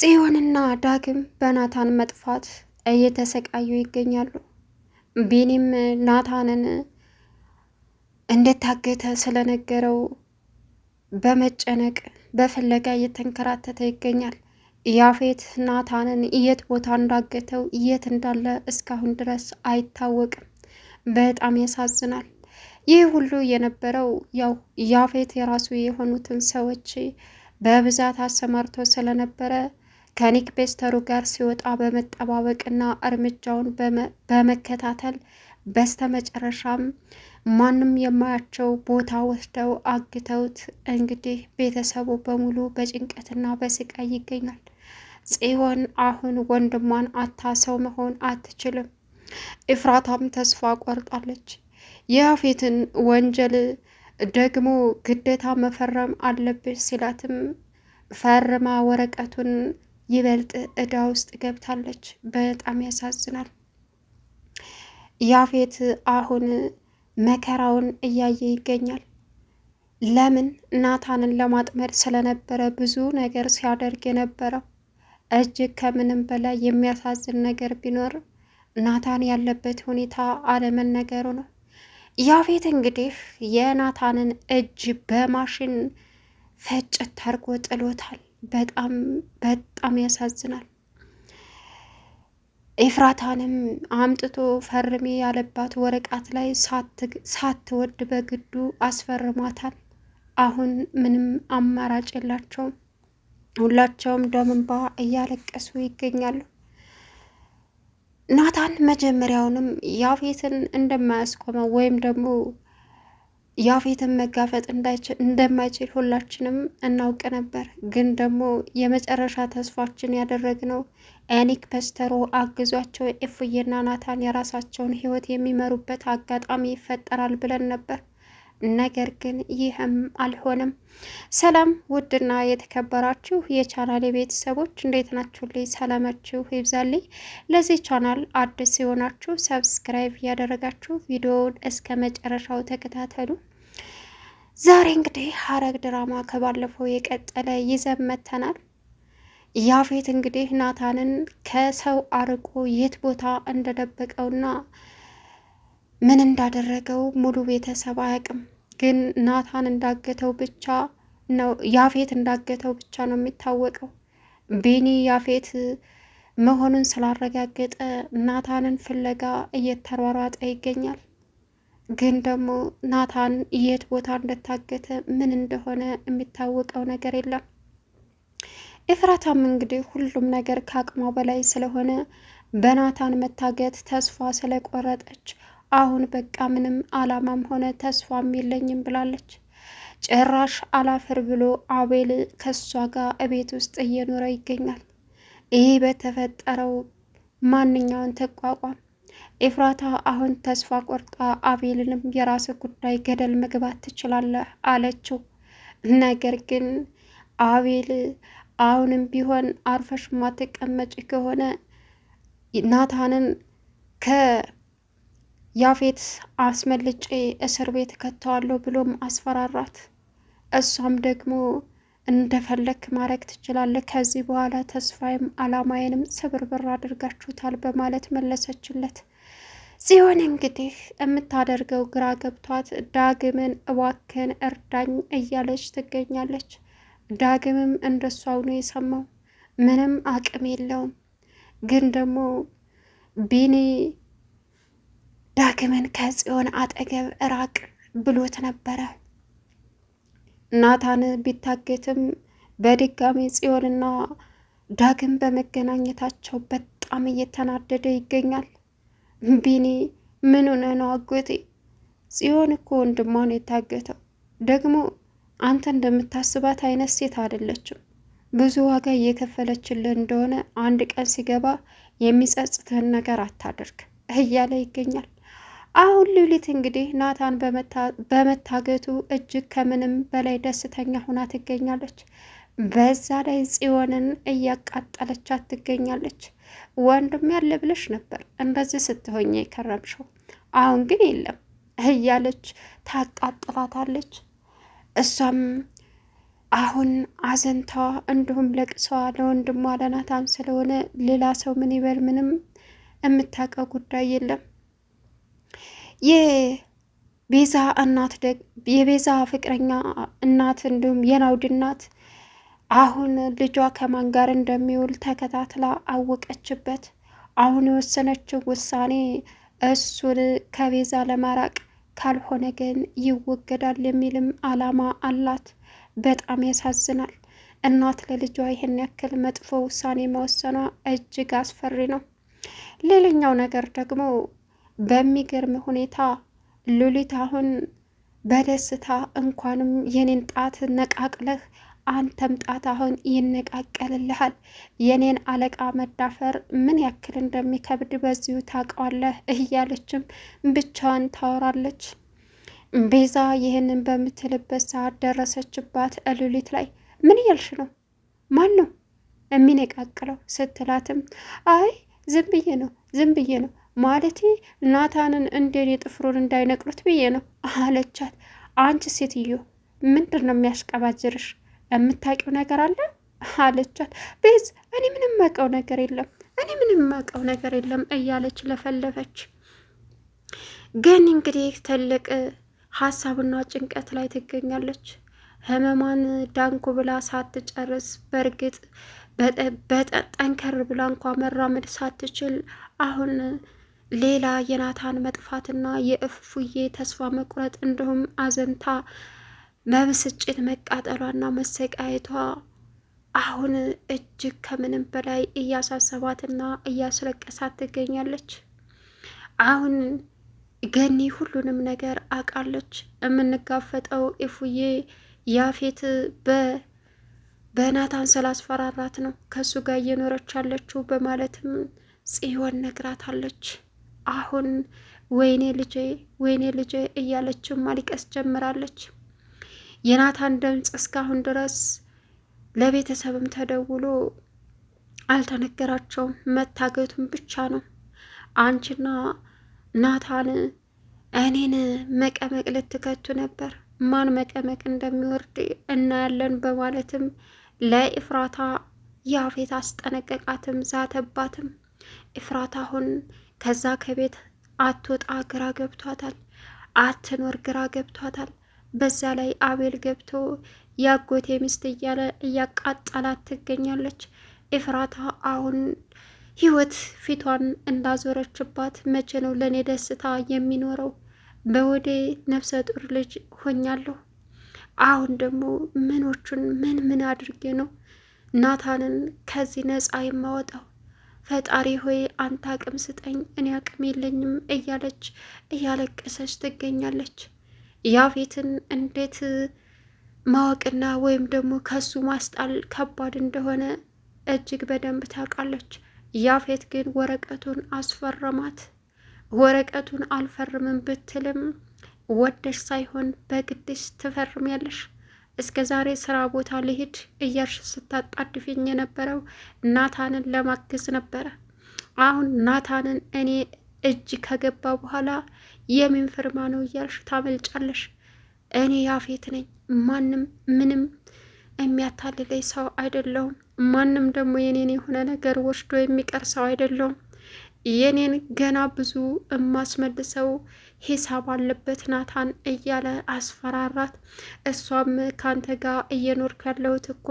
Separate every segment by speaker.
Speaker 1: ጽዮንና ዳግም በናታን መጥፋት እየተሰቃዩ ይገኛሉ። ቢኒም ናታንን እንደታገተ ስለነገረው በመጨነቅ በፍለጋ እየተንከራተተ ይገኛል። ያፌት ናታንን የት ቦታ እንዳገተው የት እንዳለ እስካሁን ድረስ አይታወቅም። በጣም ያሳዝናል። ይህ ሁሉ የነበረው ያው ያፌት የራሱ የሆኑትን ሰዎች በብዛት አሰማርቶ ስለነበረ ከኒክ ቤስተሩ ጋር ሲወጣ በመጠባበቅና እርምጃውን በመከታተል በስተመጨረሻም ማንም የማያቸው ቦታ ወስደው አግተውት እንግዲህ ቤተሰቡ በሙሉ በጭንቀትና በስቃይ ይገኛል። ጽዮን አሁን ወንድሟን አታ ሰው መሆን አትችልም። ኢፍራታም ተስፋ ቆርጣለች። የያፌትን ወንጀል ደግሞ ግዴታ መፈረም አለብሽ ሲላትም ፈርማ ወረቀቱን ይበልጥ እዳ ውስጥ ገብታለች። በጣም ያሳዝናል። ያፌት አሁን መከራውን እያየ ይገኛል። ለምን ናታንን ለማጥመድ ስለነበረ ብዙ ነገር ሲያደርግ የነበረው። እጅግ ከምንም በላይ የሚያሳዝን ነገር ቢኖር ናታን ያለበት ሁኔታ አለመን ነገሩ ነው። ያፌት እንግዲህ የናታንን እጅ በማሽን ፈጭት አድርጎ ጥሎታል። በጣም በጣም ያሳዝናል። ኤፍራታንም አምጥቶ ፈርሜ ያለባት ወረቀት ላይ ሳትወድ በግዱ አስፈርሟታል። አሁን ምንም አማራጭ የላቸውም። ሁላቸውም ደም እንባ እያለቀሱ ይገኛሉ። ናታን መጀመሪያውንም ያፌትን እንደማያስቆመው ወይም ደግሞ ያፌትን መጋፈጥ እንደማይችል ሁላችንም እናውቅ ነበር። ግን ደግሞ የመጨረሻ ተስፋችን ያደረግነው ኤኒክ ፐስተሮ አግዟቸው ኢፉዬና ናታን የራሳቸውን ህይወት የሚመሩበት አጋጣሚ ይፈጠራል ብለን ነበር። ነገር ግን ይህም አልሆነም። ሰላም ውድና የተከበራችሁ የቻናል ቤተሰቦች እንዴት ናችሁልኝ? ሰላማችሁ ይብዛልኝ። ለዚህ ቻናል አዲስ የሆናችሁ ሰብስክራይብ ያደረጋችሁ ቪዲዮውን እስከ መጨረሻው ተከታተሉ። ዛሬ እንግዲህ ሐረግ ድራማ ከባለፈው የቀጠለ ይዘን መጥተናል። ያፌት እንግዲህ ናታንን ከሰው አርቆ የት ቦታ እንደደበቀውና ምን እንዳደረገው ሙሉ ቤተሰብ አያውቅም። ግን ናታን እንዳገተው ብቻ ነው ያፌት እንዳገተው ብቻ ነው የሚታወቀው። ቢኒ ያፌት መሆኑን ስላረጋገጠ ናታንን ፍለጋ እየተሯሯጠ ይገኛል። ግን ደግሞ ናታን የት ቦታ እንደታገተ ምን እንደሆነ የሚታወቀው ነገር የለም። ኤፍራታም እንግዲህ ሁሉም ነገር ከአቅሟ በላይ ስለሆነ በናታን መታገት ተስፋ ስለቆረጠች አሁን በቃ ምንም አላማም ሆነ ተስፋም የለኝም ብላለች። ጭራሽ አላፍር ብሎ አቤል ከሷ ጋር እቤት ውስጥ እየኖረ ይገኛል። ይህ በተፈጠረው ማንኛውን ተቋቋም ኤፍራታ አሁን ተስፋ ቆርጣ አቤልንም የራስ ጉዳይ ገደል መግባት ትችላለህ አለችው። ነገር ግን አቤል አሁንም ቢሆን አርፈሽ ማትቀመጭ ከሆነ ናታንን ከ ያፌት አስመልጬ እስር ቤት ከተዋለሁ ብሎም አስፈራራት። እሷም ደግሞ እንደፈለክ ማድረግ ትችላለህ፣ ከዚህ በኋላ ተስፋዬም አላማዬንም ስብርብር አድርጋችሁታል በማለት መለሰችለት። ጽዮን እንግዲህ የምታደርገው ግራ ገብቷት ዳግምን እባክን እርዳኝ እያለች ትገኛለች። ዳግምም እንደሷ ነው የሰማው። ምንም አቅም የለውም ግን ደግሞ ቢኒ ዳግምን ከጽዮን አጠገብ ራቅ ብሎት ነበረ። ናታን ቢታገትም በድጋሚ ጽዮንና ዳግም በመገናኘታቸው በጣም እየተናደደ ይገኛል። ቢኒ ምን ሆነ ነው አጎቴ? ጽዮን እኮ ወንድሟን የታገተው ደግሞ አንተ እንደምታስባት አይነት ሴት አይደለችም። ብዙ ዋጋ እየከፈለችልህ እንደሆነ አንድ ቀን ሲገባ የሚጸጽትህን ነገር አታደርግ እያለ ይገኛል። አሁን ሉሊት እንግዲህ ናታን በመታገቱ እጅግ ከምንም በላይ ደስተኛ ሁና ትገኛለች። በዛ ላይ ጽዮንን እያቃጠለቻት ትገኛለች። ወንድም ያለ ብለሽ ነበር እንደዚህ ስትሆኝ የከረምሽው፣ አሁን ግን የለም እያለች ታቃጥላታለች። እሷም አሁን አዘንታዋ እንዲሁም ለቅሰዋ ለወንድሟ ለናታን ስለሆነ ሌላ ሰው ምን ይበል ምንም የምታውቀው ጉዳይ የለም። የቤዛ እናት የቤዛ ፍቅረኛ እናት እንዲሁም የናውድ እናት አሁን ልጇ ከማን ጋር እንደሚውል ተከታትላ አወቀችበት። አሁን የወሰነችው ውሳኔ እሱን ከቤዛ ለማራቅ ካልሆነ ግን ይወገዳል የሚልም አላማ አላት። በጣም ያሳዝናል። እናት ለልጇ ይህን ያክል መጥፎ ውሳኔ መወሰኗ እጅግ አስፈሪ ነው። ሌላኛው ነገር ደግሞ በሚገርም ሁኔታ ሉሊት አሁን በደስታ እንኳንም የኔን ጣት ነቃቅለህ አንተም ጣት አሁን ይነቃቀልልሃል። የኔን አለቃ መዳፈር ምን ያክል እንደሚከብድ በዚሁ ታውቀዋለህ እያለችም ብቻዋን ታወራለች። ቤዛ ይህንን በምትልበት ሰዓት ደረሰችባት ሉሊት ላይ። ምን እያልሽ ነው? ማን ነው የሚነቃቅለው? ስትላትም አይ ዝም ብዬ ነው ዝም ብዬ ነው ማለት ናታንን እንደኔ ጥፍሩን እንዳይነቅሉት ብዬ ነው አለቻት። አንቺ ሴትዮ ምንድን ነው የሚያሽቀባጅርሽ? የምታውቂው ነገር አለ አለቻት። ቤዝ እኔ ምንም ማውቀው ነገር የለም እኔ ምንም ማውቀው ነገር የለም እያለች ለፈለፈች። ግን እንግዲህ ትልቅ ሀሳብና ጭንቀት ላይ ትገኛለች። ህመሟን ዳንኩ ብላ ሳትጨርስ በእርግጥ በጠንከር ብላ እንኳ መራመድ ሳትችል አሁን ሌላ የናታን መጥፋትና የእፉዬ ተስፋ መቁረጥ እንዲሁም አዘንታ መብስጭት መቃጠሏና መሰቃየቷ አሁን እጅግ ከምንም በላይ እያሳሰባትና እያስለቀሳት ትገኛለች። አሁን ገኒ ሁሉንም ነገር አውቃለች። የምንጋፈጠው እፉዬ ያፌት በናታን ስላስፈራራት ነው ከሱ ጋር እየኖረች ያለችው በማለትም ጽዮን ነግራታለች። አሁን ወይኔ ልጄ ወይኔ ልጄ እያለችው ማልቀስ ጀምራለች። የናታን ድምፅ እስካሁን ድረስ ለቤተሰብም ተደውሎ አልተነገራቸውም። መታገቱም ብቻ ነው። አንቺና ናታን እኔን መቀመቅ ልትከቱ ነበር፣ ማን መቀመቅ እንደሚወርድ እናያለን በማለትም ለኢፍራታ ያፌት አስጠነቀቃትም ዛተባትም። ኢፍራታ አሁን ከዛ ከቤት አትወጣ ግራ ገብቷታል። አትኖር ግራ ገብቷታል። በዛ ላይ አቤል ገብቶ ያጎቴ ሚስት እያለ እያቃጠላት ትገኛለች። ኤፍራታ አሁን ህይወት ፊቷን እንዳዞረችባት፣ መቼ ነው ለእኔ ደስታ የሚኖረው? በወዴ ነፍሰ ጡር ልጅ ሆኛለሁ። አሁን ደግሞ ምኖቹን ምን ምን አድርጌ ነው ናታንን ከዚህ ነፃ የማወጣው? ፈጣሪ ሆይ አንተ አቅም ስጠኝ፣ እኔ አቅም የለኝም እያለች እያለቀሰች ትገኛለች። ያፌትን እንዴት ማወቅና ወይም ደግሞ ከሱ ማስጣል ከባድ እንደሆነ እጅግ በደንብ ታውቃለች። ያፌት ግን ወረቀቱን አስፈረማት። ወረቀቱን አልፈርምም ብትልም ወደሽ ሳይሆን በግድሽ ትፈርሚያለሽ እስከ ዛሬ ስራ ቦታ ልሄድ እያልሽ ስታጣድፊኝ የነበረው ናታንን ለማገዝ ነበረ። አሁን ናታንን እኔ እጅ ከገባ በኋላ የምን ፍርማ ነው እያልሽ ታመልጫለሽ። እኔ ያፌት ነኝ። ማንም ምንም የሚያታልለኝ ሰው አይደለውም ማንም ደግሞ የኔን የሆነ ነገር ወስዶ የሚቀር ሰው አይደለውም? የኔን ገና ብዙ እማስመልሰው ሂሳብ አለበት ናታን እያለ አስፈራራት። እሷም ካንተ ጋር እየኖርኩ ያለሁት እኮ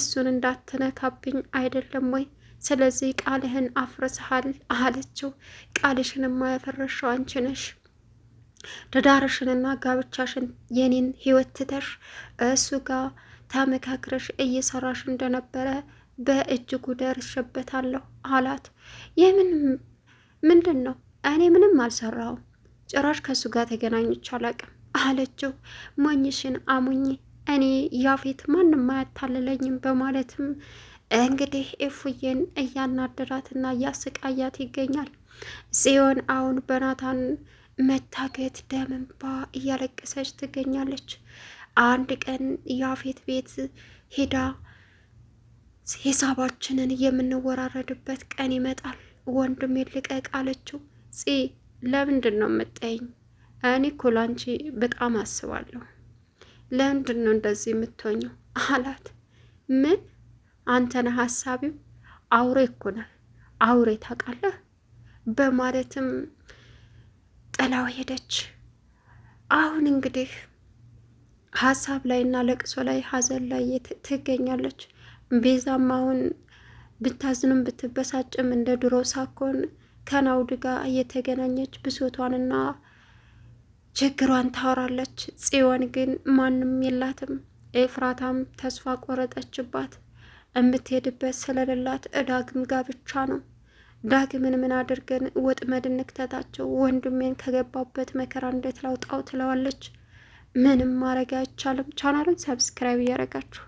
Speaker 1: እሱን እንዳትነካብኝ አይደለም ወይ? ስለዚህ ቃልህን አፍርሰሃል አለችው። ቃልሽን የማያፈረሸው አንቺ ነሽ። ትዳርሽንና ጋብቻሽን የኔን ህይወት ትተሽ እሱ ጋር ተመካክረሽ እየሰራሽ እንደነበረ በእጅጉ ደርሸበታለሁ አላት። የምን ምንድን ነው? እኔ ምንም አልሰራውም። ጭራሽ ከእሱ ጋር ተገናኝቼ አላውቅም አለችው። ሞኝሽን አሙኝ እኔ ያፌት ማንም አያታልለኝም በማለትም እንግዲህ ኤፉዬን እያናደራትና እያስቃያት ይገኛል። ጽዮን አሁን በናታን መታገት ደምንባ እያለቀሰች ትገኛለች። አንድ ቀን ያፌት ቤት ሄዳ ሂሳባችንን የምንወራረድበት ቀን ይመጣል። ወንድም ልቀቅ አለችው። ፂ ለምንድን ነው የምጠይኝ? እኔ እኮ ላንቺ በጣም አስባለሁ። ለምንድን ነው እንደዚህ የምትሆኘው አላት። ምን አንተነ ሀሳቢው? አውሬ እኮ ነህ አውሬ ታውቃለህ? በማለትም ጥላው ሄደች። አሁን እንግዲህ ሀሳብ ላይ እና ለቅሶ ላይ ሀዘን ላይ ትገኛለች። ቤዛም አሁን ብታዝንም ብትበሳጭም እንደ ድሮ ሳኮን ከናውድ ጋር እየተገናኘች ብሶቷንና ችግሯን ታወራለች። ጽዮን ግን ማንም የላትም። ኤፍራታም ተስፋ ቆረጠችባት። የምትሄድበት ስለሌላት ዳግም ጋ ብቻ ነው። ዳግምን ምን አድርገን ወጥመድ እንክተታቸው፣ ወንድሜን ከገባበት መከራ እንዴት ላውጣው ትለዋለች። ምንም ማድረግ አይቻልም። ቻናሉን ሰብስክራይብ እያረጋችሁ